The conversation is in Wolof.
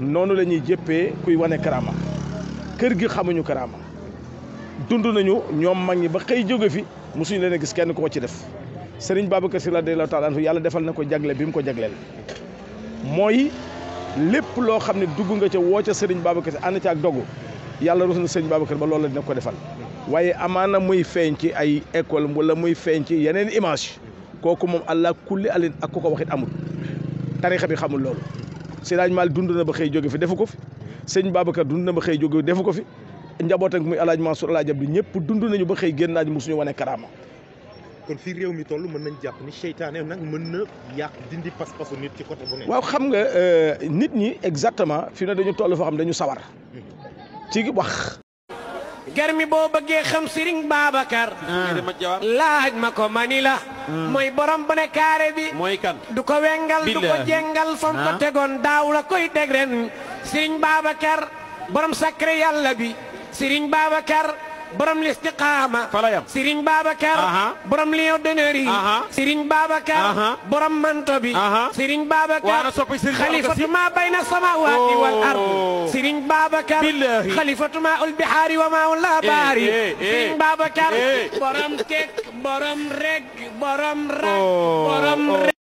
noonu la ñuy jëppe kuy wane karaama kër gi xamuñu karaama dund nañu ñoom mag ñi ba xëy jóge fi mosuñu leen a gis kenn koo ci def Serigne Babacar Sy radiyallahu taala anhu yàlla defal na ko jagle bi mu ko jagleel mooy lépp loo xam ne dugg nga ca woo ca Serigne Babacar Sy ànd ak dogu yàlla rus na Serigne Babacar ba loolu la dina ko defal waaye amaana muy feeñ ci ay école wala muy feeñ ci yeneen image kooku moom allah kulli alin ak ku ko waxit amul tarixa bi xamul loolu Seydi Hadji Malick dund na ba xëy jóge fi defu ko fi sëñ Babacar dund na ba xëy jóge defu ko fi njabootam muy alaaj Mansour alaaj Abdou ñëpp dund nañu ba xëy génn naaj mosuñu wane karaama fii réew mi toll mën nañ jàpp ni seytaane nag mën na yàq dindi pas-pasu nit ci côté bu ne waaw xam nga euh, nit ñi exactement fi ne dañu toll foo xam dañu sawar ci wax garmi boo bëggee xam Serigne Babacar ah. laaj ma ko mani la Mm. mooy borom bu kaare bi. mooy kan du ko wengal du ko jengal fam ko ah. tegoon la koy teg ren. Serigne Babacar borom sacré yàlla bi baaba Babacar. borom listiqaama fa la yam Serigne Babacar borom lion d'honneur yi Serigne Babacar borom manto bi Serigne Babacar xalifatu ma bayna samawati oh. wal ard Serigne Babacar xalifatu ma ul bihaari wa ma wala baari eh, eh, eh. Serigne Babacar borom kek borom reg borom rag oh. borom